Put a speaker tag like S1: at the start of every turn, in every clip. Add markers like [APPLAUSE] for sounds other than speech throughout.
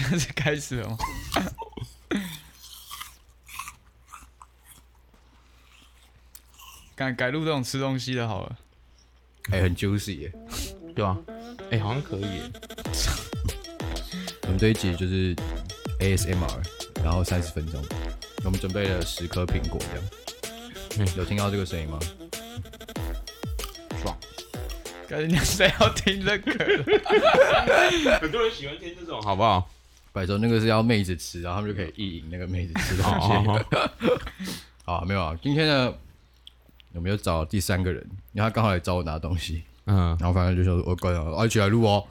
S1: 現在是開始哦， [LAUGHS] 改改錄這種吃東西的好了。
S2: 哎、欸，很 juicy，欸、 [LAUGHS] 對吧哎、欸，好像
S3: 可以、欸。 [LAUGHS] 我們這一集就是 ASMR，然後三十分鐘，我們準備了十顆蘋果這樣，這、嗯、有聽到這個聲音嗎？爽！
S1: 感覺誰要聽這個了？ [LAUGHS] 很多人喜歡聽這
S2: 種，
S3: 好不好？來那個是要妹子吃，然後他們就可以意淫那個妹子吃東西。Oh, oh, oh. [LAUGHS] 好，沒有啊。今天呢，有沒有找第三個人？然後他剛好來找我拿東西。嗯、uh，huh. 然後反正就說：“我過來，一、啊、起來錄哦。”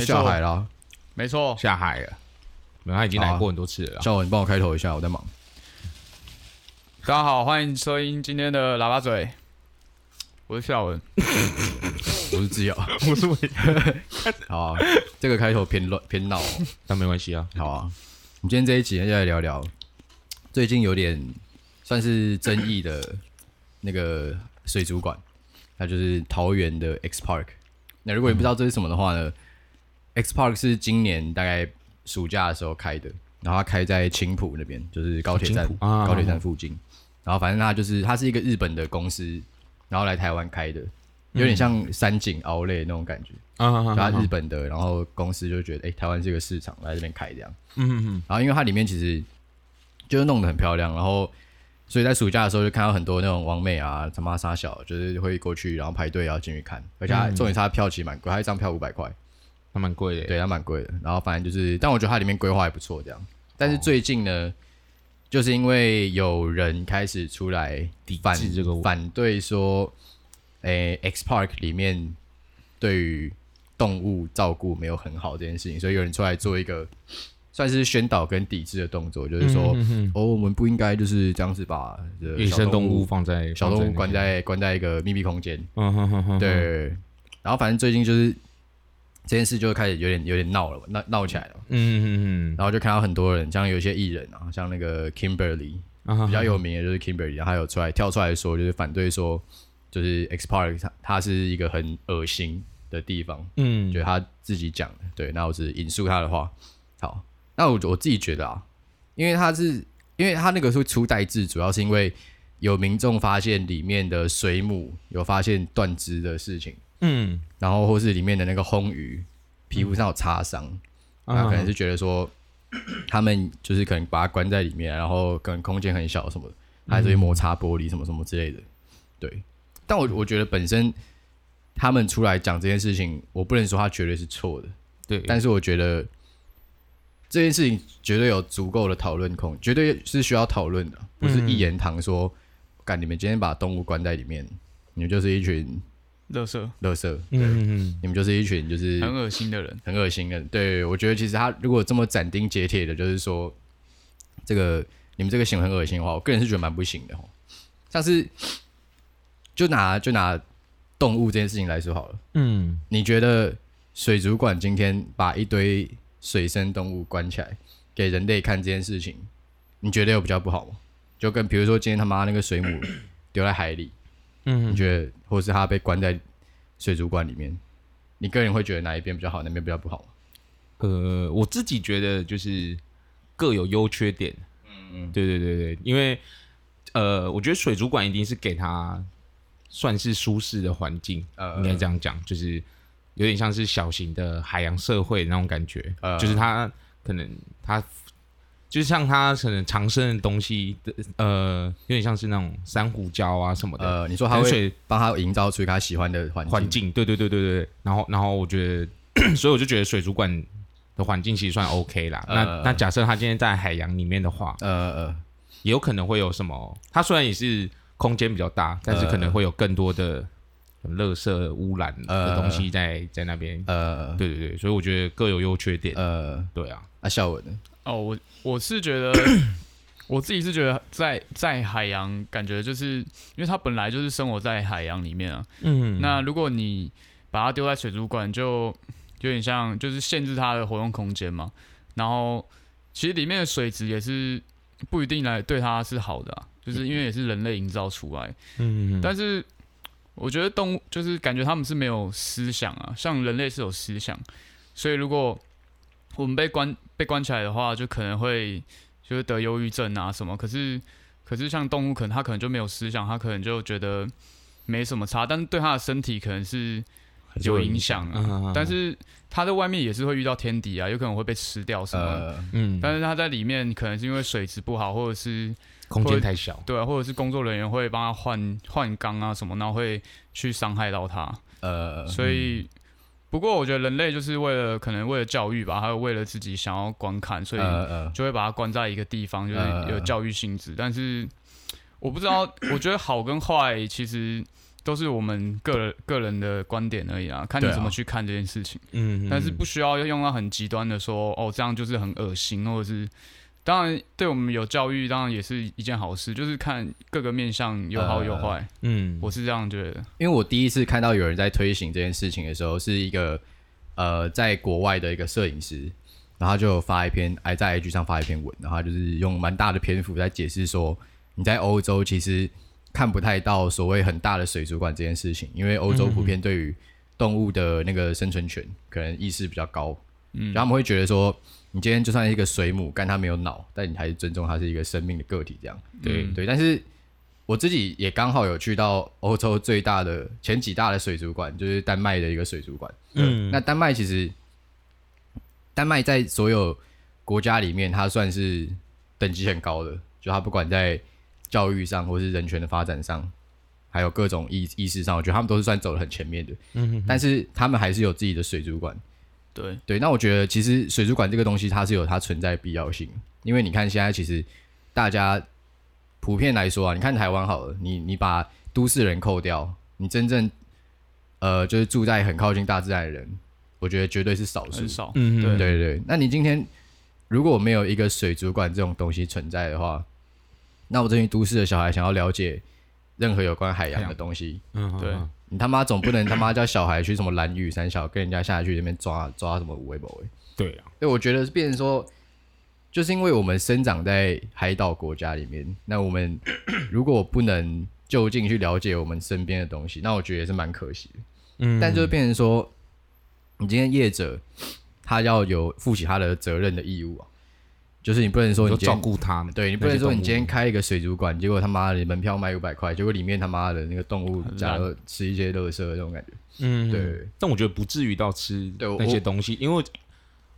S3: 下海了，
S1: 沒錯，下海了。
S3: 他已經來過很多次了。孝文、啊，你幫我開頭一下，我在忙。
S1: 大家好，歡迎收音今天的喇叭嘴。不是笑 [LAUGHS] 我是孝知文，我是致堯，
S3: 我是偉庭。好，這個開頭偏亂偏鬧、哦，但沒關係啊。好啊，我們今天這一集就來聊聊最近有點算是爭議的那個水族館，它就是桃園的 X Park。那如果你不知道這是什麼的話呢、嗯、？X Park 是今年大概暑假的時候開的，然後它開在青埔那邊，就是高鐵站，啊、高鐵站附近。啊、然後反正它就是它是一個日本的公司。然後來台灣開的，有點像三井奧萊那種感覺，啊啊啊！日本的，然後公司就覺得，哎、欸，台灣這個市場來這邊開這樣，嗯哼哼。然後因為它裡面其實，就是弄得很漂亮，然後所以在暑假的時候就看到很多那種網美啊、什麼啊、殺小，就是會過去然後排隊然後進去看，而且重點它的票其實蠻貴，它一張票五百塊，還蠻貴的，對，它蠻貴的。然後反正就是，但我覺得它裡面規劃還不錯，這樣。但是最近呢？哦就是因為有人開始出來反反對說，誒、欸、X Park 裡面對於動物照顧沒有很好這件事情，所以有人出來做一個算是宣導跟抵制的動作，嗯、哼哼就是說，哦，我們不應該就是這樣子把野生動，動物放在小動物關在，放在關在一個密閉空間，嗯、哼哼哼哼對。然後反正最近就是。這件事就開始有點有點鬧了，鬧鬧起來了。嗯
S2: 嗯嗯。
S3: 然後就看到很多人，像有些藝人啊，像那個 Kimberly 比較有名的就是 Kimberly，啊，然後他有出來跳出來說，就是反對說，就是 X Park 他是一個很噁心的地方。嗯，就他自己講的。對，那我是引述他的話。好，那我我自己覺得啊，因為他是因為他那個是出代志，主要是因為有民眾發現裡面的水母有發現斷肢的事情。嗯，然後或是裡面的那個魟魚皮膚上有擦傷，他、嗯、可能是覺得說、uh huh. 他們就是可能把它關在裡面，然後可能空間很小什麼的，還是會摩擦玻璃什麼什麼之類的。對，但我我覺得本身他們出來講這件事情，我不能說他絕對是錯的，對。但是我覺得這件事情絕對有足夠的討論空，絕對是需要討論的，不是一言堂說，幹、嗯嗯、你們今天把動物關在裡面，你們就是一群。垃圾，垃圾，嗯嗯，你們就是一群就是很噁心的人，很噁心的人。對，我覺得其實他如果這麼斬釘截鐵的，就是說這個你們這個行為很噁心的話，我個人是覺得蠻不行的齁。像是就拿就拿動物這件事情來說好了，嗯，你覺得水族館今天把一堆水生動物關起來給人類看這件事情，你覺得有比較不好嗎？就跟比如說今天他媽那個水母丟在海裡。咳咳嗯，你覺得，嗯、或者是他被關在水族館裡面，你個人會覺得哪一邊比
S2: 較好，哪邊比較不好？呃，我自己覺得就是各有優缺點。嗯嗯，對對對對，因爲呃，我覺得水族館一定是給他算是舒適的環境，呃呃應該這樣講，就是有點像是小型的海洋社會那種感覺，呃呃就是他可能他。就像它可能藏身的東西呃，有點像是那種珊瑚礁啊什麼的。呃，你說它會幫他營造出他喜歡的環境？對對對對對。然後然後我覺得， [COUGHS] 所以我就覺得水族館的環境其實算 OK 啦。呃、那那假設它今天在海洋裡面的話，呃，呃也有可能會有什麼？它雖然也是空間比較大，但是可能會有更多的垃圾污染的東西在在那邊。呃，對對對，所以我覺得各有優缺點。呃，對啊，啊，孝文呢？
S1: 哦，我我是覺得， [COUGHS] 我自己是覺得在，在在海洋，感覺就是因為它本來就是生活在海洋裡面啊。嗯，嗯，那如果你把它丟在水族館，就有點像就是限制它的活動空間嘛。然後，其實裡面的水質也是不一定來對它是好的啊，就是因為也是人類營造出來。嗯，嗯，但是我覺得動物就是感覺它們是沒有思想啊，像人類是有思想，所以如果。我們被關被關起來的話，就可能會就是得憂鬱症啊什麼。可是可是像動物，可能他可能就沒有思想，他可能就覺得沒什麼差。但是對他的身體可能是
S2: 有影響、啊。是嗯、但是
S1: 他在外面也是會遇到天敵啊，有可能會被吃掉什麼。嗯、呃。嗯。但是他在裡面可能是因為水質不好，或者是空間太小。對、啊，或者是工作人員會幫他換換缸啊什麼，然後會去傷害到他。呃。所以。嗯不過我覺得人類就是為了可能為了教育吧，還有為了自己想要觀看，所以就會把它關在一個地方，就是有教育性質。但是我不知道，我覺得好跟壞其實都是我們個人 [COUGHS] 個人的觀點而已啊，看你怎麼去看這件事情。啊、嗯，但是不需要用到很極端的說，哦，這樣就是很惡心，或者是。當然，對我們有教育，當然也是一件好事。就是看各個面向有好有壞、呃。嗯，我是這樣覺得。
S3: 因為我第一次看到有人在推行這件事情的時候，是一個呃，在國外的一個攝影師，然後就發一篇，i 在 IG 上發一篇文，然後就是用蠻大的篇幅在解釋說，你在歐洲其實看不太到所謂很大的水族館這件事情，因為歐洲普遍對於動物的那個生存權可能意識比較高，嗯哼哼，然後他們會覺得說。你今天就算是一個水母，但它沒有腦，但你還是尊重它是一個生命的個體，這樣。對、嗯、對，但是我自己也剛好有去到歐洲最大的前幾大的水族館，就是丹麥的一個水族館。嗯，那丹麥其實，丹麥在所有國家裡面，它算是等級很高的，就它不管在教育上，或是人權的發展上，還有各種意意識上，我覺得他們都是算走得很前面的。嗯哼哼，但是他們還是有自己的水族館。對對，那我覺得其實水族館這個東西它是有它存在的必要性，因為你看現在其實大家普遍來說啊，你看台灣好了，你你把都市人扣掉，你真正呃就是住在很靠近大自然的人，我覺得絕對是少數，很少，嗯對，對對對。那你今天如果沒有一個水族館這種東西存在的話，那我這些都市的小孩想要了解任何有關海洋的東西，
S1: 嗯，對。嗯哼哼
S3: 你他媽總不能他媽叫小孩去什麼藍嶼山小跟人家下去那邊抓抓什麼五位 b o 對啊，所以我覺得是變成說，就是因為我們生長在海島國家裡面，那我們如果不能就近去了解我們身邊的東西，那我覺得也是蠻可惜的。嗯，但就是變成說，你今天業者他要有負起他的責任的義務啊。就是你不能說你照顧他們，對你不能說你今天開一個水族館，結果他媽的門票賣五百塊，結果裡面他媽的那個動
S2: 物，假如吃一些垃圾，這種感覺，嗯，對。但我覺得不至於到吃那些東西，因為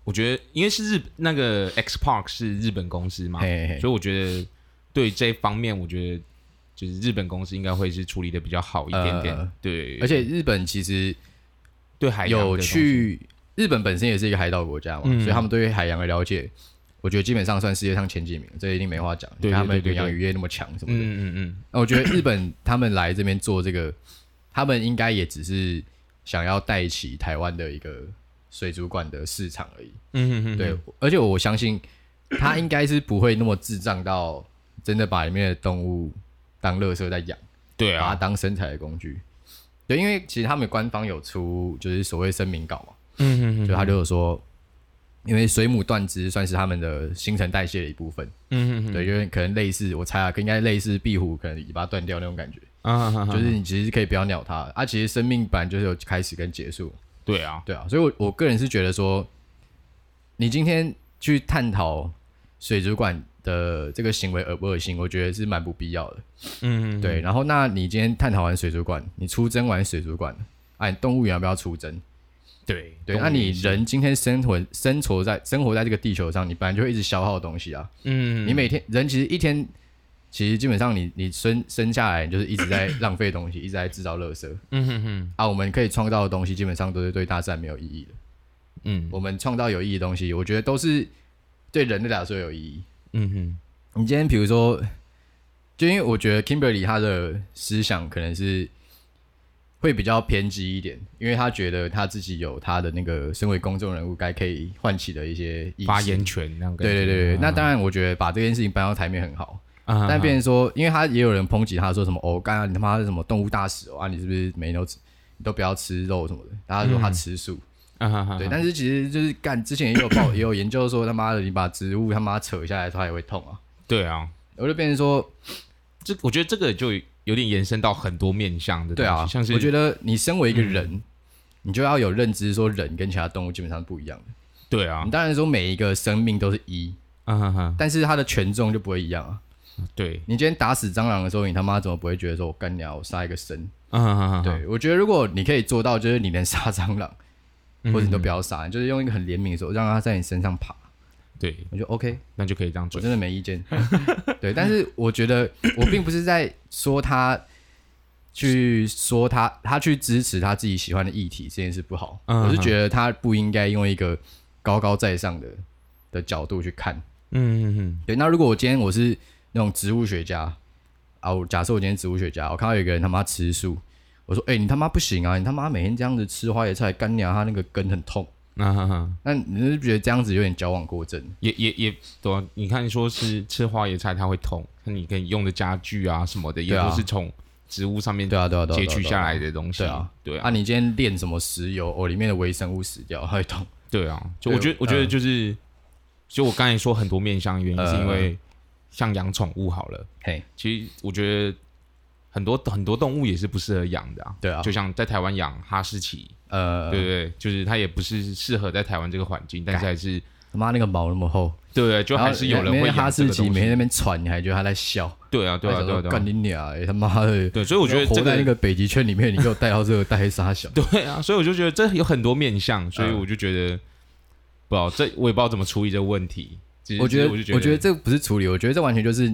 S2: 我覺得因為是日那個 X Park 是日本公司嘛，嘿嘿，所以我覺得對這一方面，我覺得就是日本公司應該會是處理的比較好一點點。呃、對，而且日本其實對海洋有去，
S3: 日本本身也是一個海島國家嘛，嗯、所以他們對於海洋的了解我覺得基本上算世界上前幾名，這一定沒話講。對他們養魚業那麼強什麼的，嗯嗯嗯。那我覺得日本他們來這邊做這個， [COUGHS] 他們應該也只是想要帶起台灣的一個水族館的市場而已。嗯嗯對，而且我相信他應該是不會那麼智障到真的把裡面的動物當垃圾在養，對啊，把他當生財的工具。對，因為其實他們官方有出就是所謂聲明稿嘛，嗯嗯就他就有說。因為水母斷肢算是他們的新陳代謝的一部分，嗯嗯嗯，對，就是可能類似，我猜啊，應該類似壁虎可能尾巴斷掉那種感覺，嗯、
S2: 啊、哈，哈，哈，哈，就是你
S3: 其實可以不要鳥它，啊，其實生命本來就是有開始跟結束，對啊，對啊，所以我，我我個人是覺得說，你今天去探討水族館的這個行為惡不惡心，我覺得是蠻不必要的，嗯嗯，
S1: 對，
S3: 然後那你今天探討完水族館，你出征完水族館，哎、啊，動物園要不要出征？
S2: 對東西 對，那你人
S3: 今天生活、生存在生活在這個地球上，你本來就會一直消耗東西啊。嗯哼，你每天人其實一天，其實基本上你你生生下來，你就是一直在浪費東西，咳咳一直在制造垃圾。嗯哼哼，啊，我們可以創造的東西基本上都是對大自然沒有意義的。嗯，我們創造有意義的東西，我覺得都是對人類來說有意義。嗯哼，你今天比如說，就因為我覺得 Kimberly 他的思想可能是。會比較偏激一點，因為他覺得他自己有他的那個，身為公眾人物該可以喚起的一些意識發言權那，那對對對對。啊、那當然，我覺得把這件事情搬到台面很好，啊、但變成說，因為他也有人抨擊他說什麼、啊、哦，剛剛、啊、你他媽是什麼動物大使哦？啊，你是不是每天都吃你都不要吃肉什麼的？大家、嗯、說他吃素，啊、對，啊、但是其實就是幹之前也有報也有研究說他媽的你把植物他媽扯下來他也會痛啊。
S2: 對啊，我就變成說，這我覺得這個就。有點延伸到很多面向的，對啊，像是我覺
S3: 得你身為一個人，嗯、你就要有認知，說人跟其他動物基本上是不一樣的。對啊，你當然說每一個生命都是一、嗯，啊哈哈，嗯嗯、但是它的權重就不會一樣啊。
S2: 對，
S3: 你今天打死蟑螂的時候，你他媽怎麼不會覺得說我幹鳥、啊，我殺一個生？啊
S2: 哈哈，嗯
S3: 嗯嗯、對，我覺得如果你可以做到，就是你能殺蟑螂，
S2: 或者你都不
S3: 要殺，你就是用一個很憐憫的手，讓它在你身上爬。對，我就 OK，那就可以這樣做，我真的沒意見。 [LAUGHS] [LAUGHS] 對，但是我覺得我並不是在說他去說他，他去支持他自己喜歡的議題這件事不好。嗯、哼我是覺得他不應該用一個高高在上的的角度去看。嗯
S2: 嗯哼
S3: 嗯。對，那如果我今天我是那種植物學家啊，我假設我今天植物學家，我看到有一個人他媽吃素，我說：“哎、欸，你他媽不行啊！你他媽每天這樣子吃花椰菜，幹娘他那個根很痛。”哈
S2: 哈哈，那、啊、你是覺得這樣子有點矯枉過正？也也也，對、啊，你看說是吃花椰菜它會痛，那你可以用的家具啊什麼的，啊、也都是從植物上面對、啊對，啊對啊、截取下來的東西啊，對啊。對啊啊你今天煉什麼石油哦？裡面的微生物死掉，它會痛。對啊，就我覺得，對我覺得就是，對就我剛才說很多面向的原因、呃，是因為像養寵物好了，嘿，其實我覺得。很多很多動物也是不適合養的啊，對啊，就像在台灣養哈士奇，呃，對對，就是它也不是適合在台灣這個環境，但是還是他媽那個毛那麼厚，對對，就還是有人會，哈士奇每
S3: 天那邊喘，你還覺得他在笑，對啊對啊對啊，幹你娘，他媽的，對，所以我覺得活在那個北極圈裡面，你給我帶到這個帶沙小，
S2: 對啊，所以我就覺得這有很多面向，所以我就覺得不知道這我也不知道怎麼處理這個問題，我覺得我覺得
S3: 這不是處理，我覺得這完全就是。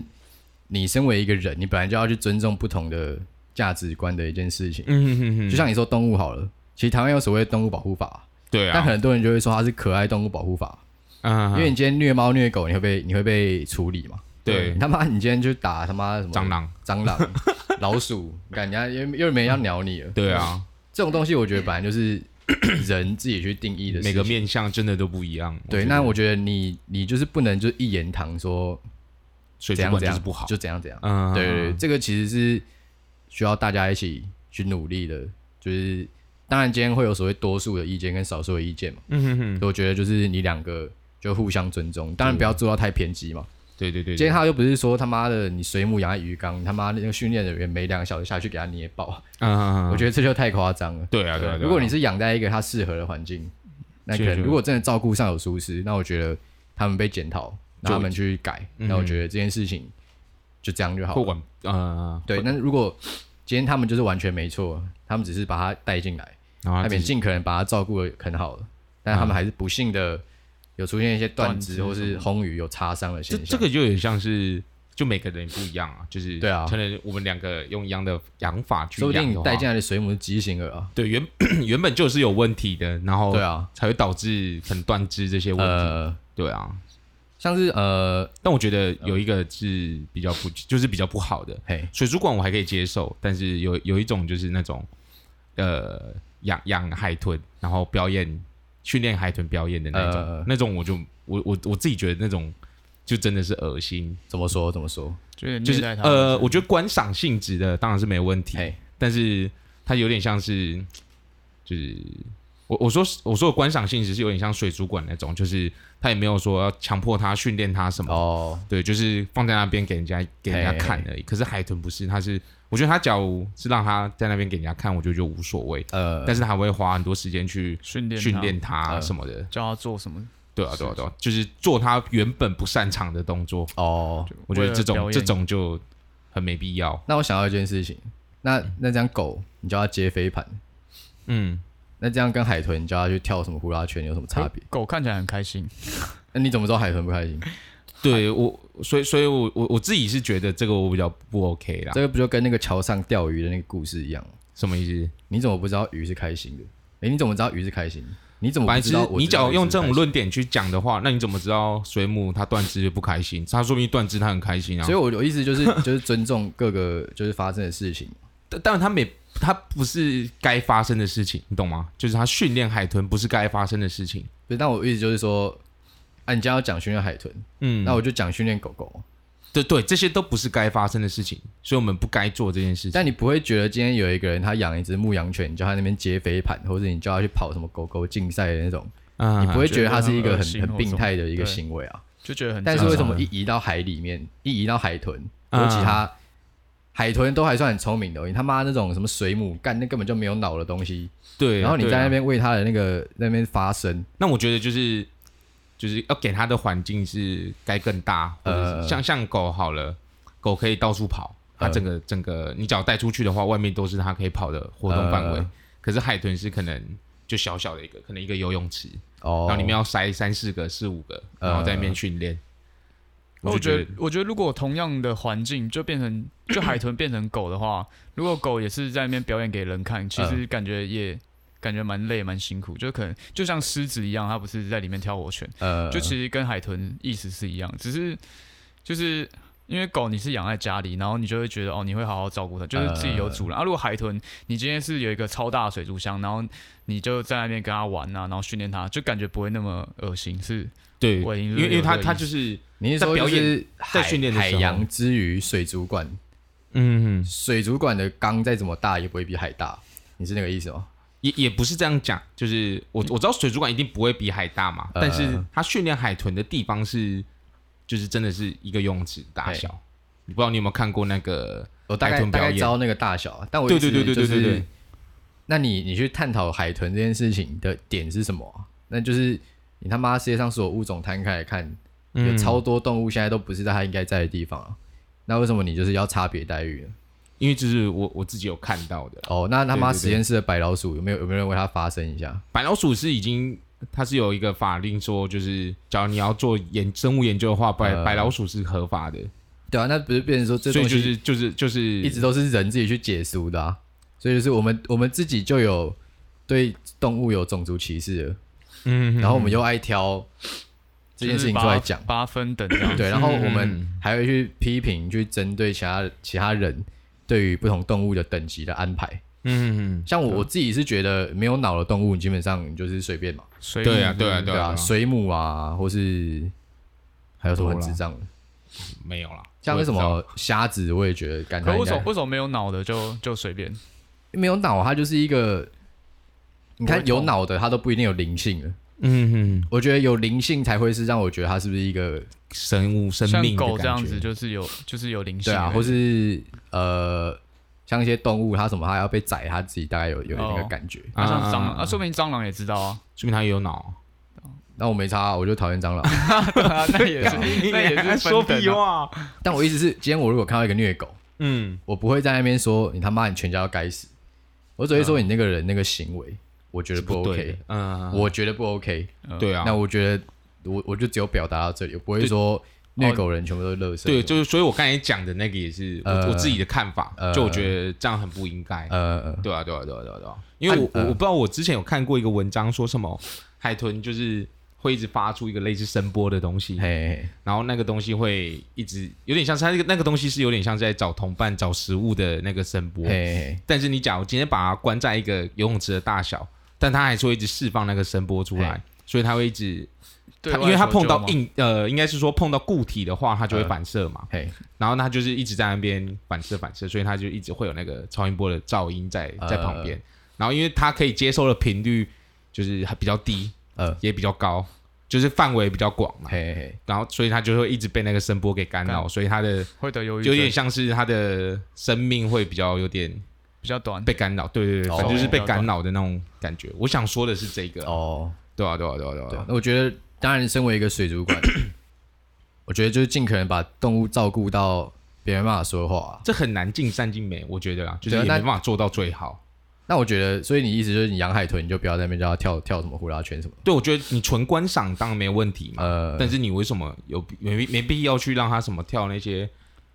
S3: 你身為一個人，你本來就要去尊重不同的價值觀的一件事情。嗯嗯嗯，就像你說動物好了，其實台灣有所謂動物保護法。對啊。但很多人就會說它是可愛動物保護法，嗯、啊，因為你今天虐貓虐狗，你會被你會被處理嘛？對，對。他媽，你今天就打他媽什麼蟑螂、蟑螂、 [LAUGHS] 老鼠，感覺又又沒人要鳥你了。對啊，這種東西我覺得本來就是人自己去定義的，每個面相真的都不一樣。對，那我覺得你你就是不能就一言堂說。
S2: 所以這樣子是不好，就怎
S3: 樣怎樣、uh。Huh. 對，對，這個其實是需要大家一起去努力的。就是當然，今天會有所謂多數的意見跟少數的意見嘛。嗯嗯嗯。我覺得，就是你兩個就互相尊重，當然不要做到太偏激嘛。對對對。今天他又不是說他媽的你水母養在魚缸，他媽那個訓練人員每兩個小時下去給他捏爆。
S2: 我覺得這
S3: 就太誇張了、uh。對啊對啊。如果你是養在一個它適合的環境，那可能如果真的照顧上有疏失，那我覺得他們被檢討。讓他們去改，那、嗯、我覺得這件事情就這樣就好不管啊，呃、對。那擴如果今天他們就是完全沒錯，他們只是把它帶進來，那邊、啊、盡可能把它照顧得很好了、啊、但他們還是不幸的有出現一些斷肢或是魟魚，有擦傷的現象。這，這
S2: 個有點像是，就每個人不一樣啊，就是對啊，可能我們兩個用一樣的養法去養，說不定帶進來的水母是畸形了、啊。對，原 [COUGHS] 原本就是有問題的，然後對啊，才會導致很斷肢這些問題。呃、對啊。像是呃，但我覺得有一個是比較不、呃、就是比較不好的。嘿水族館我還可以接受，但是有有一種就是那種呃養養海豚，然後表演訓練海豚表演的那種，呃、那種我就我我我自己覺得那種就真的是噁心怎，怎麼說怎麼說？就，就是呃，我覺得觀賞性質的當然是沒問題，嘿但是它有點像是就是。我我說我說的觀賞性只是有點像水族館那種，就是他也沒有說要強迫他訓練他什麼的，oh. 對，就是放在那邊給人家給人家看而已。Hey. 可是海豚不是，他是我覺得他假如是讓他在那邊給人家看，我覺得就無所謂。呃，但是他會花很多時間去訓練它他什麼的，
S1: 教它、呃、做什麼？對啊對啊對啊，
S2: 是的就是做他原本不擅長的動作。哦，oh. 我覺得這種這種就很沒必要。那我想到一件事情，那那隻狗
S3: 你叫他接飛盤，嗯。那這樣跟海豚你叫它去跳什麼呼啦圈有什麼
S2: 差別、欸？狗看起來很開心，那、 [LAUGHS] 欸、你怎麼知道海豚不開心？對我，所以所以我，我我我自己是覺得這個我比較不 OK 啦。這個
S3: 不就跟那個橋上釣魚的那個故事一樣？什麼意思？你怎麼不知道魚是開心的？誒、欸，你怎麼知道魚是開心？你怎麼不知道,我知道？你只要用這種
S2: 論點去講的話，那你怎麼知道水母它斷肢就不開心？它說不定斷肢它很開心啊？所以，我我意思就是就是尊重各個就是發生的事情， [LAUGHS] 但但是它每。它不是該發生的事情，你懂嗎？就是它訓練海豚不是該發生的事情。所以那我意思就是說，啊，你今天要講訓練海豚，嗯，那我就講訓練狗狗。
S3: 對，對對，這些都不是該發生的事情，所以我們不該做這件事情，嗯。但你不會覺得今天有一個人他養一只牧羊犬，你叫他那邊接飛盤，或者你叫他去跑什麼狗狗競賽的那種，嗯，你不會覺得它是一個很很，很病態的一個行為啊？就覺得很……但是為什麼一移到海裡面，嗯，一移到海豚，尤其他。嗯海豚都還算很聰明的，你他媽那種什麼水母幹那根本就沒有腦的東西。
S2: 對、啊，然後你在那邊
S3: 為它的那個、啊、那邊發聲。
S2: 那我覺得就是就是要給它的環境是該更大，像、呃、像狗好了，狗可以到處跑，它整個、呃、整個你只要帶出去的話，外面都是它可以跑的活動範圍。呃、可是海豚是可能就小小的一個，可能一個游泳池，哦、然後裡面要塞三四個、四五個，然後在那邊訓練。呃我覺
S1: 得，我覺得如果同樣的環境，就變成就海豚變成狗的話， [COUGHS] 如果狗也是在那邊表演給人看，其實感覺也感覺蠻累，蠻辛苦，就可能就像獅子一樣，它不是在裡面跳火圈， [COUGHS] 就其實跟海豚意思是一樣，只是就是。因為狗你是養在家裡，然後你就會覺得哦，你會好好照顧它，就是自己有主人、呃、啊。如果海豚，你今天是有一個超大的水族箱，然後你就在那邊跟它玩啊，然後訓練它，就感覺不會那麼噁心。是，對，對因為因為它它就是在表演，在訓練
S3: 海洋之於水族館。嗯，水族館、嗯、哼的缸再怎麼大，也不會比
S2: 海大。你是那個意思哦？也也不是這樣講，就是我我知道水族館一定不會比海大嘛，呃、但是它訓練海豚的地方是。就是真的是一個用詞大小嘿，你不知道你有沒有看過那個海豚表演？我那個大小，但我、就是、對對對對對對，
S3: 對，對那你你去探討海豚這件事情的點是什麼、啊？那就是你他媽世界上所有物種攤開來看，有超多動物現在都不是在它應該在的地方、啊嗯、那為什麼你就是要差別待遇呢？因為就是我我自己有看到的、啊、哦。那他媽實驗室的白老鼠有沒有有沒有人為它發聲一下？
S2: 白老鼠是已經。它是有一個法令說，就是假如你要做研生物研究的話，白、呃、白老鼠是合法的。對啊，那不是變成說，這種、就是，就是就是就是一直都是人自己去解釋的、啊。所
S3: 以就是我們我們自己就有對動物有種族歧視了。嗯哼，然後我們又愛挑這件事情就愛講八,八分等，等，對，然後我們還會去批評、嗯、哼去針對其他其他人對於不同動物的等級的安排。嗯，像我我自己是覺得沒有腦的動物，基本上就是隨便嘛。對啊，對啊，對啊，水母啊，或是還有什麼很智障的，沒有
S1: 啦。像為什麼
S3: 蝦子，我也覺得感覺。可為什麼為
S1: 什麼沒有腦的就就隨便？
S3: 沒有腦，它就是一個。你看有腦的，它都不一定有靈性了。嗯，我覺得有靈性才會是讓我覺得它是不是一個生物生命。像狗這樣子，
S1: 就是有就是有靈性，對啊，或
S3: 是呃。像一些動物，它什麼，它要被宰，它自己大概有有那個感覺。啊，像蟑
S1: 螂，說明蟑螂也知道
S3: 啊，說明它也有腦。那我沒差，我就討厭蟑螂。
S1: 那也是，那也是說屁話。
S3: 但我意思是，今天我如果看到一個虐狗，嗯，我不會在那邊說你他媽，你全家要該死。我只會說你那個人那個行為，我覺得不 OK。嗯，我覺得不 OK。對啊，那我覺得我我就只有表達到這裡，我不會說。虐狗人全部都垃圾。哦、對，就
S2: 是所以，我剛才講的那個也是我、呃、我自己的看法，呃、就我覺得這樣很不應該。呃對、啊，對啊，對啊，對啊，對啊，因為我、呃、我不知道，我之前有看過一個文章，說什麼海豚就是會一直發出一個類似聲波的東西，嘿嘿然後那個東西會一直有點像是它那個那個東西是有點像在找同伴、找食物的那個聲波。嘿嘿但是你假如今天把它關在一個游泳池的大小，但它還是會一直釋放那個聲波出來，嘿所以它會一直。它因為它碰到硬呃，應該是說碰到固體的話，它就會反射嘛。嘿，然後它就是一直在那邊反射反射，所以它就一直會有那個超音波的噪音在在旁邊。然後因為它可以接收的頻率就是還比較低，呃，也比較高，就是範圍比較廣嘛。嘿，嘿，然後所以它就會一直被那個聲波給干擾，所以它的會得有點有點像是它的生命會比較有點比較短被干擾，對對對，就是被干擾的那種感覺。我想說的是這個哦，對啊對啊對啊對啊，
S3: 我覺得。當然，身為一個水族館，咳咳，我覺得就是盡可能把動物照顧到別人無法說話。啊，這很難盡善盡美，我覺得啦，啊、就是沒辦法做到最好那。那我覺得，所以你意思就是，你養海豚，你就不要在那邊叫它跳跳什麼呼啦圈什麼？
S2: 對，我覺得你純觀賞當然沒問題，呃，但是你為什麼有沒必沒必要去讓它什麼跳那些？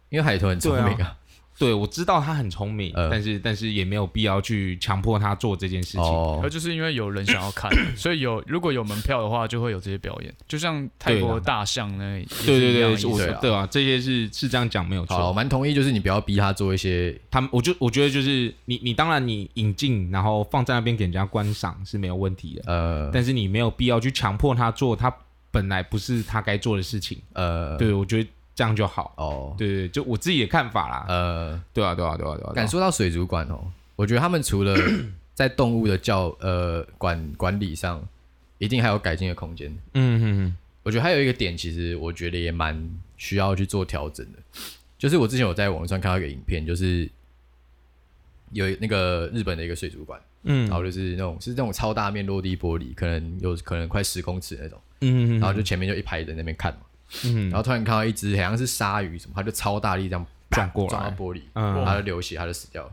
S2: 因為海豚很聰明。啊。對，我知道他很聰明，呃，但是但是也沒有必要去強迫他做這件事情。哦，而就
S1: 是因為有人想要看， [COUGHS] 所以有如果有門票的話，就會有這些表演，就像泰國的大象那樣。對啦，對對對，對啊，對
S2: 啊，這些是是這樣講沒有錯。好，蠻同意，就是你不要逼他做一些，他們我就我覺得就是你你當然你引進然後放在那邊給人家觀賞是沒有問題的。呃，但是你沒有必要去強迫他做他本來不是他該做的事情。呃，對我覺得。這樣就好哦，oh，對對，就我自己的看法啦。呃，對啊，對啊，對啊，對啊。感受到水族館哦，我覺得他
S3: 們除了 [COUGHS] 在動物的教呃管管理上，一定還有改進的空間。嗯嗯
S2: 嗯。
S3: 我覺得還有一個點，其實我覺得也蠻需要去做調整的，就是我之前有在網上看到一個影片，就是有那個日本的一個水族館，嗯，
S2: 然後就
S3: 是那種是那種超大面落地玻璃，可能有可能快十公尺那種，嗯哼哼，然後就前面就一排人在那邊看嘛。嗯，然後突然看到一隻好像是鯊魚什麼，他就超大力這樣撞過來，撞到玻璃，他就流血，他就死掉了。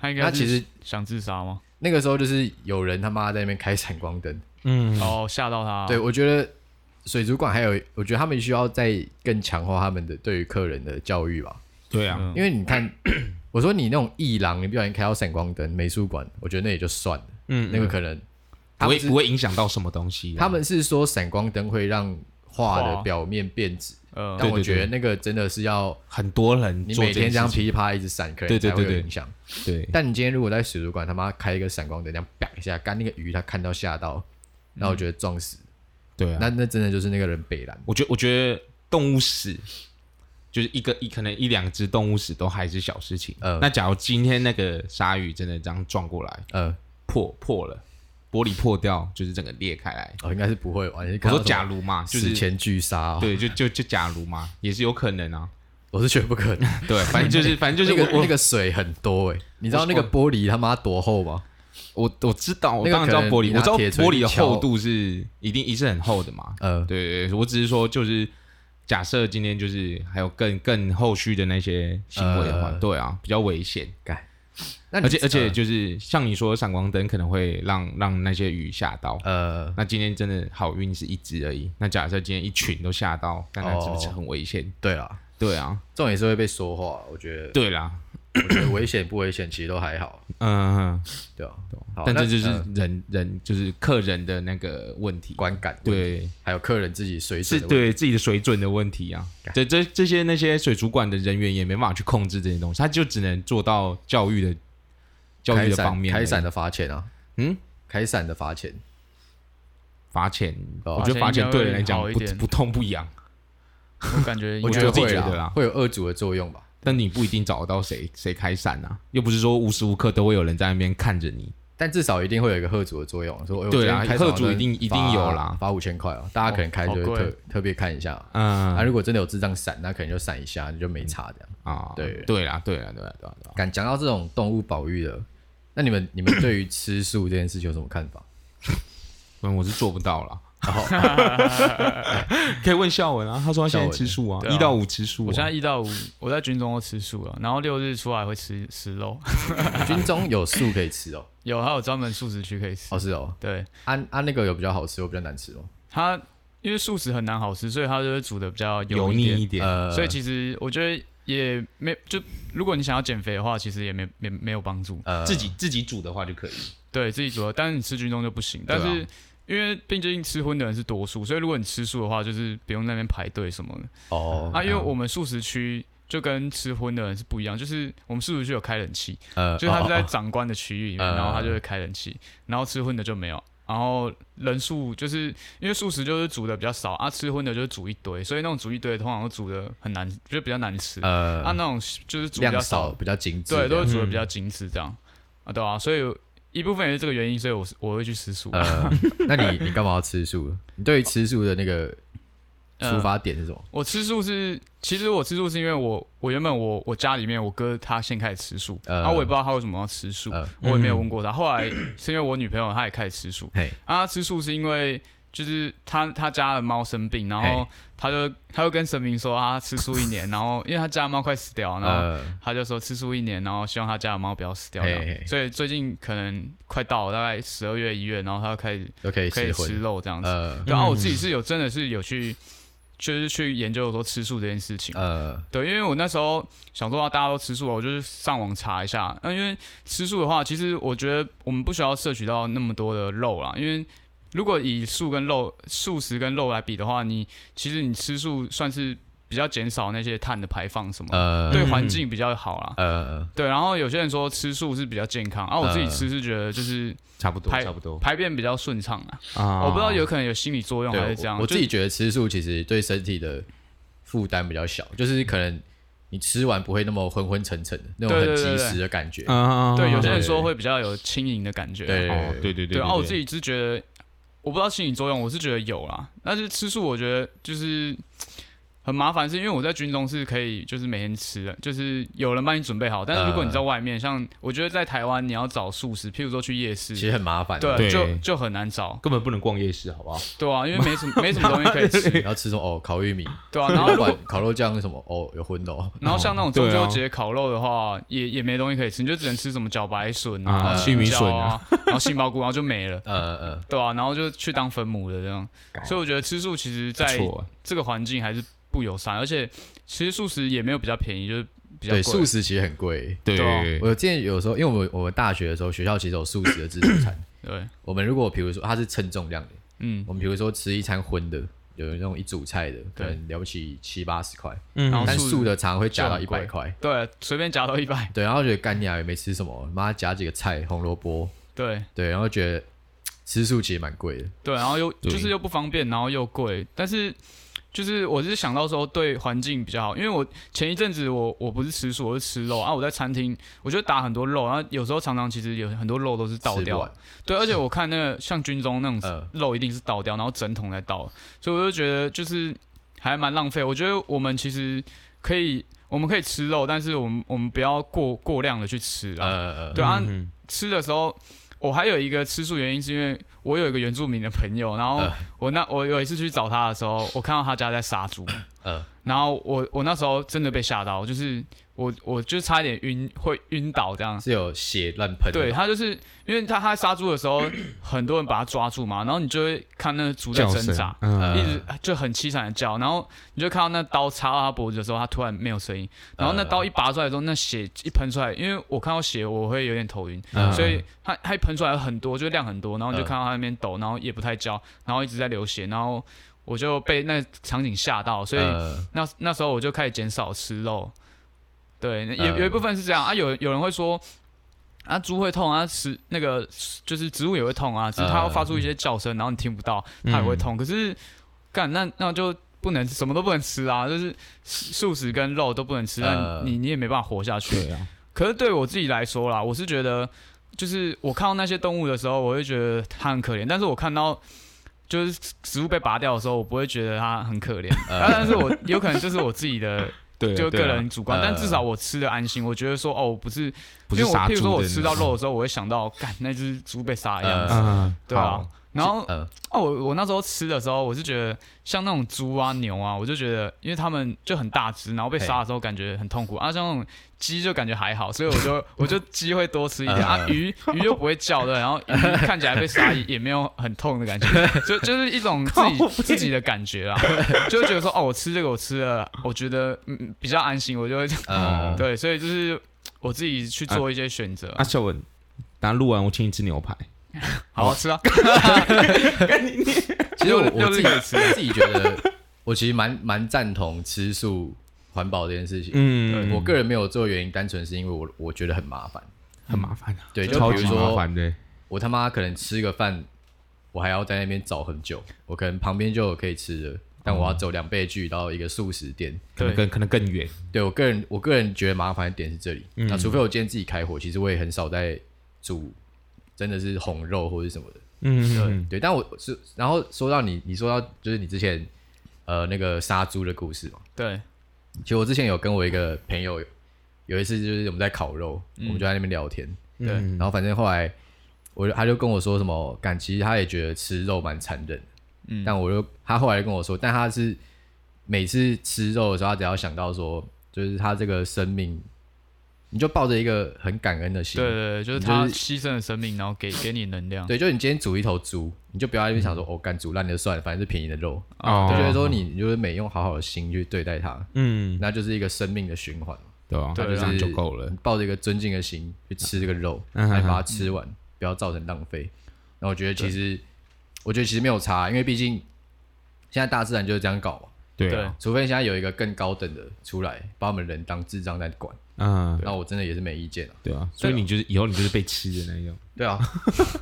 S3: 他應該，他其實想自殺嗎？那個時候就是有人他媽在那邊開閃光燈，嗯，然後
S1: 嚇到他。對，我覺
S3: 得水族館還有，我覺得他們需要再更強化他們的對於客人的教育吧。對啊，因為你看，我說你那種藝廊，你不小心開到閃光燈，美術館，我覺得那也就算了，嗯，那個可能不會不會影響到什麼東西。他們是說閃光燈會讓。畫的表面變質，哇但我覺得那個真的是要、嗯、很多人，你每天這樣噼裡啪啦一直閃，可能才會有影響。對，但你今天如果在水族館，他媽開一個閃光燈，這樣啪一下，剛那個魚，它看到嚇到，
S2: 那我覺
S3: 得撞死、嗯。對、啊，那那真的就是那個人被攔。
S2: 我覺得，我覺得動物死，就是一個一可能一兩只動物死都還是小事情。呃、那假如今天那個鯊魚真的這樣撞過來，呃，破破了。玻璃破掉就是整個裂開來，哦，應該是不會玩。我說假如嘛，就是前巨殺，對，就就就假如嘛，也是有可能啊。
S3: 我是覺得不可能，對，反正就是反正就是那個那個水很多哎，你知道那個玻璃他媽
S2: 多厚嗎？我我知道，我當然知道玻璃，我知道玻璃的厚度是一定也是很厚的嘛。呃，對，我只是說就是假設今天就是還有更更後續的那些行為的話，對啊，比較危險。而且而且，而且就是像你說，閃光燈可能會讓讓那些魚嚇到。呃，那今天真的好運是一隻而已。那假設今天一群都嚇到，那是不是很危險？哦、對，對啊，對啊，這種也是會被說話，我覺得。對啦。我覺得危險不危險，其實都還好。嗯，對啊。但這就是人人就是客人的那個問題觀感，對，還有客人自己水準是對自己的水準的問題啊。對，這這些那些水族館的人員也沒辦法去控制這些東西，他就只能做到教育的教育的方面，開散的罰錢啊。嗯，開散的罰錢，罰錢。我覺得罰錢對人來講不不痛不癢。我感覺我覺得會有會有惡組的作用吧。但你不一定找得到誰誰開傘啊，又不是說無時無刻都會有人在那邊看着你。但
S3: 至少一定會有一個嚇阻的作用，說、欸、我對啊，嚇阻一定一定有啦，罰五千塊哦、啊，大家可能開就會特、哦、特別看一下、啊，嗯，啊、如果真的有智障閃，那可能就閃一下，你就沒差這樣啊、嗯哦了。對對啦，對啦，對啦，對啦，對敢講到這種動物保育的，那你們你們對於吃素這件事情有什麼看法？嗯， [LAUGHS] 我是做不到啦。 [LAUGHS]
S1: [LAUGHS]
S2: [LAUGHS] 可以問孝文啊，他說他現在吃素啊，一、啊、到五吃素、啊。我現在一
S1: 到五，我在軍中都吃素了，然後六日出來會吃吃肉。
S2: [LAUGHS] 軍中有素
S1: 可以吃哦？有還有專門素食區可以吃。哦，是哦，對，安安、啊啊、那個有比較好吃，有比較難吃哦。他因為素食很難好吃，所以他就會煮的比較油一膩一點。呃、所以其實我覺得也沒就，如果你想要減肥的話，其實也沒沒沒有幫助。呃，自己自己煮的話就可以，對自己煮，但是你吃軍中就不行，啊、但是。因為畢竟吃葷的人是多數，所以如果你吃素的話，就是不用在那邊排隊什麼的哦。Oh, 啊，因為我們素食區就跟吃葷的人是不一樣，就是我們素食區有開冷氣，呃，就它是，是在長官的區域裡面，呃、然後它就會開冷氣、呃，然後吃葷的就沒有。然後人數就是因為素食就是煮的比較少啊，吃葷的就是煮一堆，所以那種煮一堆的通常煮的很難，就比較難吃。呃，啊，那種就是煮比較少，量少比較精緻，對，都是煮的比較精緻這樣，嗯、啊，對啊，所以一部分也是這個原因，所以我是我會去吃素。呃，那你你
S3: 幹嘛要吃素？ [LAUGHS] 你對吃素的那個出發點是什麼？
S1: 呃？我吃素是，其實我吃素是因為我我原本我我家裡面我哥他先開始吃素，然後，呃啊、我也不知道他為什麼要吃素，呃、我也沒有問過他。嗯、哼後來是因為我女朋友她也開始吃素，她嘿、啊、吃素是因為。就是他他家的貓生病，然後他就他就跟神明說，他吃素一年， [LAUGHS] 然後因為他家的貓快死掉，然後他就說吃素一年，然後希望他家的貓不要死掉。 [LAUGHS] 所以最近可能快到了大概十二月一月，然後他就開始就可以可以吃肉這樣子。然後、 [LAUGHS] 啊、我自己是有真的是有去就是去研究說吃素這件事情。呃， [LAUGHS] 對，因為我那時候想說，大家都吃素了，我就是上網查一下，那、啊、因為吃素的話，其實我覺得我們不需要攝取到那麼多的肉啦，因為。如果以素跟肉，素食跟肉來比的話，你其實你吃素算是比較減少那些碳的排放什麼，對環境比較好啦。呃，對。然後有些人說吃素是比較健康，而我自己吃是覺得就是差不多，差不多排便比較順暢啊。啊，我不知道有可能有心理作用還是這樣。我自己
S3: 覺得吃素其實對身體的負擔比較小，就是可能你吃完不會那麼昏昏沉沉的那種很積食的感覺。對。有些人說
S1: 會比較有輕盈的感覺。對，對，對，對。然後我自己是覺得。我不知道心理作用，我是覺得有啦。但是吃素，我覺得就是。很麻煩，是因為我在軍中是可以，就是每天吃，就是有人幫你準備好。但是如果你在外面，像我覺得在台灣，你要找素食，譬如說去夜市，其實很麻煩，對，就就很難找，
S2: 根本不能逛夜市，好不好？
S1: 對啊，因為沒什麼沒什麼東西可以吃。你
S3: 要吃什麼？哦，烤玉米。對啊，然後烤烤肉醬是什麼哦，有葷的。然
S1: 後像那種中秋節烤肉的話，也也沒東西可以吃，你就只能吃什麼茭白筍啊、青米筍啊，然後杏鮑菇，然後就沒了。呃呃，對啊，然後就去當墳墓的這樣。所以我覺得吃素其實，在這個環境還是不友善，而且其實素食也沒有比較便宜，就是比較貴。素食
S3: 其實很貴。對，對，對，我見有時候，因為我們我們大學的時候，學校其實有素食的自助餐咳咳。對，我們如果比如說它是稱重量的，嗯，我們比如說吃一餐葷的，有那種一主菜的，對可能了不起七八十塊，然後素，但素的常常會加到一百塊。
S1: 對，隨便加到一百。
S3: 對，然後覺得幹掉，啊、也沒吃什麼，媽夾幾個菜，紅蘿蔔。對對，然後覺得吃素其實蠻貴的。
S1: 對，然後又就是又不方便，對然後又貴，但是。就是我是想到說對環境比較好，因為我前一陣子我我不是吃素，我是吃肉啊。我在餐廳，我覺得打很多肉，然後有時候常常其實有很多肉都是倒掉，對。而且我看那個像軍中那種肉一定是倒掉，然後整桶在倒，所以我就覺得就是還蠻浪費。我覺得我們其實可以，我們可以吃肉，但是我們我們不要過過量的去吃啊。嗯嗯嗯，對啊，吃的時候我還有一個吃素原因是因為。我有一個原住民的朋友，然後我那我有一次去找他的時候，我看到他家在殺豬，然後我我那時候真的被嚇到，就是我我就差一點暈，會暈倒這樣，是有血亂噴，對他就是因為他他殺豬的時候， [COUGHS] 很多人把他抓住嘛，然後你就會看那個豬在掙扎，嗯、一直就很淒慘的叫，然後你就看到那刀插到他脖子的時候，他突然沒有聲音，然後那刀一拔出來的時候，那血一噴出來，因為我看到血我會有點頭暈，嗯、所以他他一噴出來很多，就量很多，然後你就看到他。外面抖，然後也不太叫，然後一直在流血，然後我就被那場景嚇到，所以那那時候我就開始減少吃肉。對，有有一部分是這樣啊，有有人會說啊，豬會痛啊，吃那個就是植物也會痛啊，只是它會發出一些叫聲，然後你聽不到，它也會痛。嗯、可是干那那就不能什麼都不能吃啊，就是素食跟肉都不能吃，那、啊、你你也沒辦法活下去、啊、可是對我自己來說啦，我是覺得。就是我看到那些動物的時候，我會覺得它很可憐。但是我看到就是植物被拔掉的時候，我不會覺得它很可憐、呃啊。但是，我有可能就是我自己的， [LAUGHS] 對了就個人主觀。了但至少我吃得安心，我覺得說哦，我不是，不是因為我譬如說我吃到肉的時候，我會想到，干那只豬被殺的樣子，呃、對吧？好然後哦、呃啊，我我那時候吃的時候，我是覺得像那種豬啊牛啊，我就覺得因為他們就很大只，然後被殺的時候嘿感覺很痛苦。啊，像那種。雞就感覺還好，所以我就我就雞會多吃一點、嗯、啊。魚魚又不會叫的，然後魚看起來被殺也沒有很痛的感覺，就就是一種自己自己，自己的感覺啦。就覺得說哦，我吃這個，我吃了，我覺得、嗯、比較安心，我就會嗯對，所以就是我自己去做一些選擇、呃、啊。孝
S2: 文，等下錄完我請你吃牛排，好好、哦、吃啊啦。 [LAUGHS] 其實我我
S1: 自己吃， [LAUGHS] 自己覺得
S3: 我其實蠻蠻贊同吃素。環保這件事情，嗯，我個人沒有做的原因，單純是因為我我覺得很麻煩，很麻煩啊。對，就比如說，我他媽可能吃個飯，我還要在那邊找很久，我可能旁邊就可以吃了，但我要走兩倍距離到一個素食店，嗯對可，可能更可能更遠。對我個人，我個人覺得麻煩的點是這裡。那，嗯，除非我今天自己開火，其實我也很少在煮，真的是紅肉或者什麼的。嗯哼哼對，對。但我是，然後說到你，你說到就是你之前呃那個殺豬的故事嘛，對。其實我之前有跟我一個朋友有一次，就是我們在烤肉，嗯、我們就在那邊聊天，嗯、對，然後反正後來我他就跟我說什麼，感其實他也覺得吃肉蠻殘忍，嗯、但我就他後來就跟我說，但他是每次吃肉的時候，他只要想到說，就是他這個生命。你就抱着一個很感恩的心，對對對，就是他
S1: 犧牲了生命，然後給給你能量。對，
S3: 就你今天煮一頭豬，你就不要在那邊想說哦，敢煮爛就算了，反正是便宜的肉。就覺得說你就是每用好好的心去對待它，嗯，那就是一個生命的循環，對，這樣就夠了。抱着一個尊敬的心去吃這個肉，來把它吃完，不要造成浪費。那我覺得其實，我覺得其實沒有差，因為畢竟現在大自然就是這樣搞嘛。對，除非現在有一個更高等的出來，把我們人當智障在管。嗯，那我真的也是沒意見了，
S2: 對啊。所以你就是以後你就是被吃的那一種，對啊，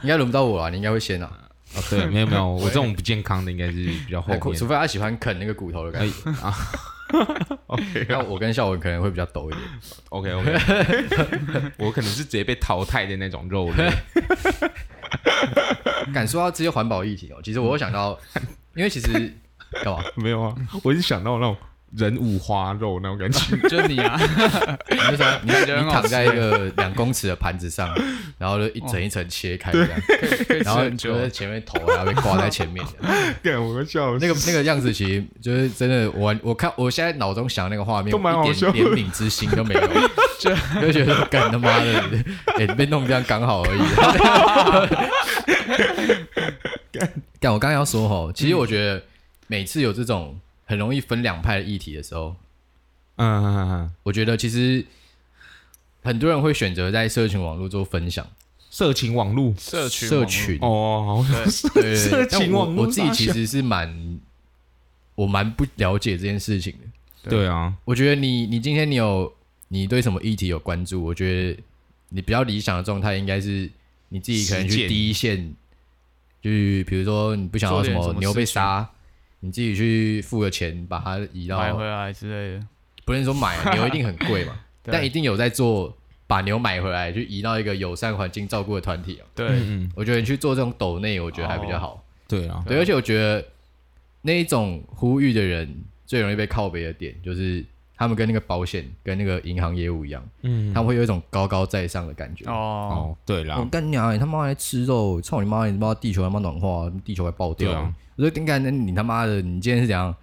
S3: 應該輪不到我啊，你應該會先啊，啊，對，沒有沒有，我這種不
S2: 健康的應該是比較後，除非他喜歡啃那個骨頭的感覺啊。OK，那我跟孝文可能會比較抖一點。OK OK，我可能是直接被淘汰的那種肉類。敢說到這些環保議題哦，其實我想到，因為其實幹嘛沒有啊。我一直想到那種。人五花肉那種感覺、啊，就你啊 [LAUGHS] 你，就是你躺在一個兩公尺的盤子上，然後就一層一
S3: 層切開這
S2: 樣，哦、然後就在前面頭，然後被掛在前面笑
S3: 死。那個那個樣子，其實就是真的，我我看我現在腦中想那個畫面，都滿好笑的，一點憐憫之心都沒有， [LAUGHS] 就，就覺得幹他媽的、媽的、欸，被弄這樣剛好而已。 [LAUGHS] [LAUGHS] 幹， [LAUGHS] 幹我剛剛要說吼，其實我覺得每次有這種很容易分兩派的議題的時候，嗯嗯嗯，我覺得其實很多人會選擇在社群網絡做分享。色情網絡，社群網絡，社群，社群哦，社群網絡。我自己其實是蠻，我蠻不了解這件事情的。對啊，我覺得你你今天你有你對什麼議題有關注，我覺得你比較理想的狀態應該是你自己可能去第一線，就是比如說你不想要什麼牛被殺。你自己去付個錢，把它移到買回
S1: 來之類的，不能說買牛一定很貴嘛？ [LAUGHS] 對但一
S3: 定有在做，把牛買回來就移到一個友善環境照顧的團體啊。對，我覺得你去做這種抖內，我覺得還比較好。Oh, 對啊，對，而且我覺得那一種呼籲的人最容易被靠北的點，就是他們跟那個保險、跟那個銀行業務一樣，
S1: 嗯、他們會有一種
S3: 高高在上的感覺。哦，oh,
S1: oh. 對啦我幹、
S3: oh, 娘，你他媽還吃肉？操你媽！你媽地球還沒暖化，地球還爆掉。所以丁凱，那你他媽的，你今天是這樣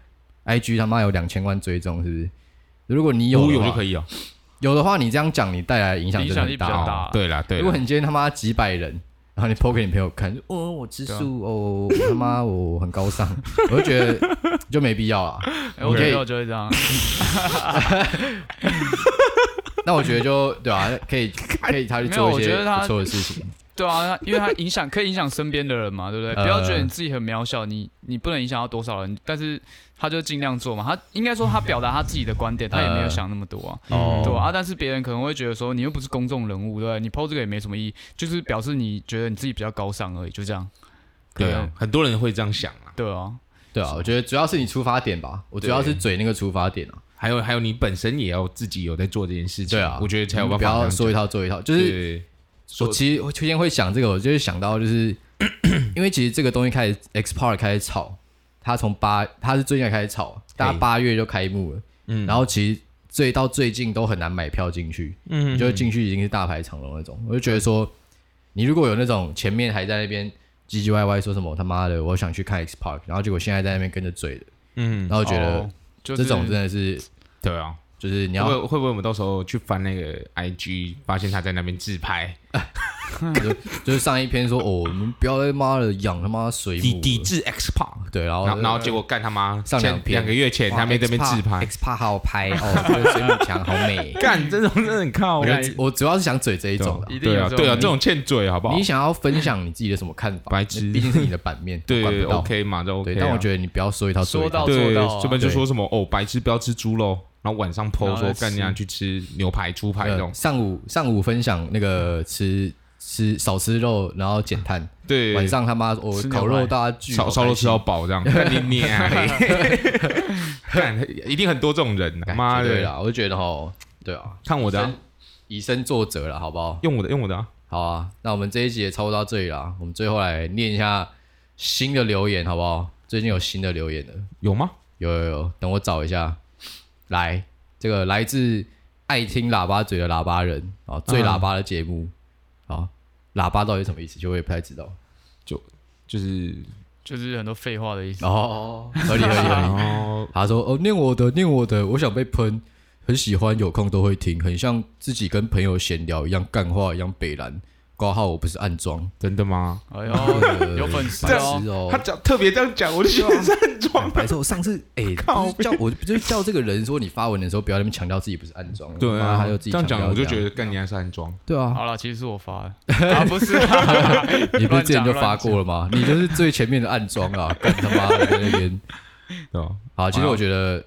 S3: ，IG 他媽有兩千萬追蹤，是不是？如果你有，就有可以有的話，你這樣講，你帶來影響就很大。大。對啦，對。如果你今天他媽幾百人，然後你 PO 給你朋友看，
S1: 哦，我吃素，
S3: 哦，他媽我很高尚，我就覺得就沒必要啊。我可以， [LAUGHS] 欸、我
S1: 就會這樣。 [LAUGHS] [LAUGHS] [LAUGHS] 那我覺得
S3: 就對吧、啊？可以，可以他去做一些不錯的事情。
S1: 對啊，因為他影響 [LAUGHS] 可以影響身邊的人嘛，對不對？不要覺得你自己很渺小，你你不能影響到多少人，但是他就盡量做嘛。他應該說他表達他自己的觀點，呃、他也沒有想那麼多啊，嗯、對啊，但是別人可能會覺得說你又不是公眾人物，對不對，你 PO 這個也沒什麼意義，就是表示你覺得你自己比較高尚而已，就這樣。對啊，以很多人會這樣想啊。對啊，
S3: 對啊，我覺得主要是你出發點吧，我主要是嘴那個出發點啊。還有還有，你本身也要自己有在做這件事情，對啊，我覺得才有辦法。不要說一套做一套，就是。對對對我其實首先會想這個，我就是想到就是， [COUGHS] 因為其實這個東西開始 X Park 開始炒，它從八它是最近開始炒，大家、欸、八月就開幕了，嗯，然後其實最到最近都很難買票進去，嗯,哼嗯哼，就進去已經是大排長龍那種，我就覺得說，你如果有那種前面還在那邊唧唧歪歪說什麼他媽的我想去看 X Park，然後結果現在在
S2: 那邊跟着追的，嗯哼，然後覺得、哦就是、這種真的是對啊。就是你要會不會我們到時候去翻那個 IG，發現他在那邊自拍，就就是上一篇說哦，我們不要他媽的養他媽的水母抵制 X Park，對，然後然後結果干他媽上兩兩個月前，他沒在那邊自拍，X Park 好拍，哦，他拍哦，水母牆好美，幹這種，真的很靠，我主要是想嘴這一種一對啊對啊，這種欠嘴好不好？你想要分享你自己的什麼看法？白痴，是你的版面，對 OK 嘛，就 OK，但我覺得你不要說一套嘴，說到做到，這邊就說什麼哦，白痴不要吃豬肉。然後晚上 po 說跟人家去吃牛排豬排那種。
S3: 上午上午分享那個吃吃少吃
S2: 肉，然後減碳。對。晚上他媽我烤肉大家聚，少少都吃到飽這樣。你你啊！幹，一定很多這種人。媽的，我就覺得哦，對啊，看我的，以身作則了，好不好？用我的，用我的啊。好啊，那我們這
S3: 一集也差不多到這裡了，我們最後來念一下新的留言，好不好？最近有新的留言的，有嗎？有有有，等我找一下。來，這個來自愛聽喇叭嘴的喇叭人啊、哦，最喇叭的節目啊、嗯哦，喇叭到底什麼意思？就我也不太知道，就就是
S1: 就是很多廢話的意思然後哦，合理合理合理。然後 [LAUGHS]
S3: 他說：“哦，念我的，念我的，我想被噴，很喜歡，有空都會聽，很像自己跟朋友閒聊一樣，幹話一樣。北”北蘭。括號我不是暗樁，真的嗎？哎
S2: 呦，有本事哦！他講特別這樣講，我就是暗
S3: 樁。反正我上次，哎，叫我不就叫這個人說，你發文的時候不要那麼強調自己不是暗
S1: 樁。對啊，他就自己這樣講，我就覺
S2: 得跟你還是暗樁。對啊，好
S1: 了，其實是我發的。不是，你不是之前就發過了嗎？你
S2: 就是最前面的暗樁啊，跟他媽的在那
S3: 邊哦。好，其實我覺得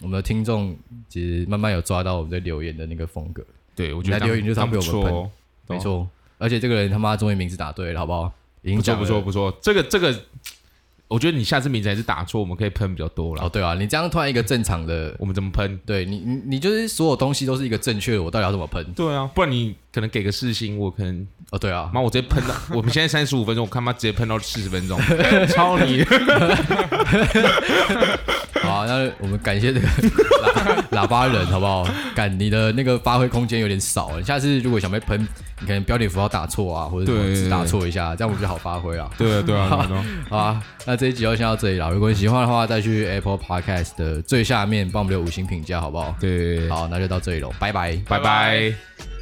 S3: 我們的聽眾其實慢慢有抓到我們在留言的那個風格。對我覺得留言就是他們錯，沒錯。而且這個人他媽
S2: 終於，名字打對了，好不好？不錯不錯不錯，這個這個，我覺得你下次名字還是打錯，我們可以噴比較多了。哦，對啊，你這樣突然一個正常的，我們怎麼噴？對你你你就是所有東西都是一個正確的，我到底要怎麼噴？對啊，不然你可能給個四星，我可能哦對啊，媽我直接噴了。我們現在三十五分鐘，我看媽直接噴到四十分鐘， [LAUGHS] 超你。 [LAUGHS] 好啊，那我們感謝這個。 [LAUGHS] [LAUGHS] 喇叭人，好不好？
S3: 幹你的那個發揮空間有點少，欸。你下次如果想被噴，你可能標點符號打錯啊，或者字打錯一下，對這樣我們就好發揮啊，啊。對啊，對 [LAUGHS] 啊，好啊。那這一集就先到這裡了，如果你喜歡的話，再去 Apple Podcast 的最下面幫我們留五星評價，好不好？對，好，那就到這裡嘍。拜拜，拜拜。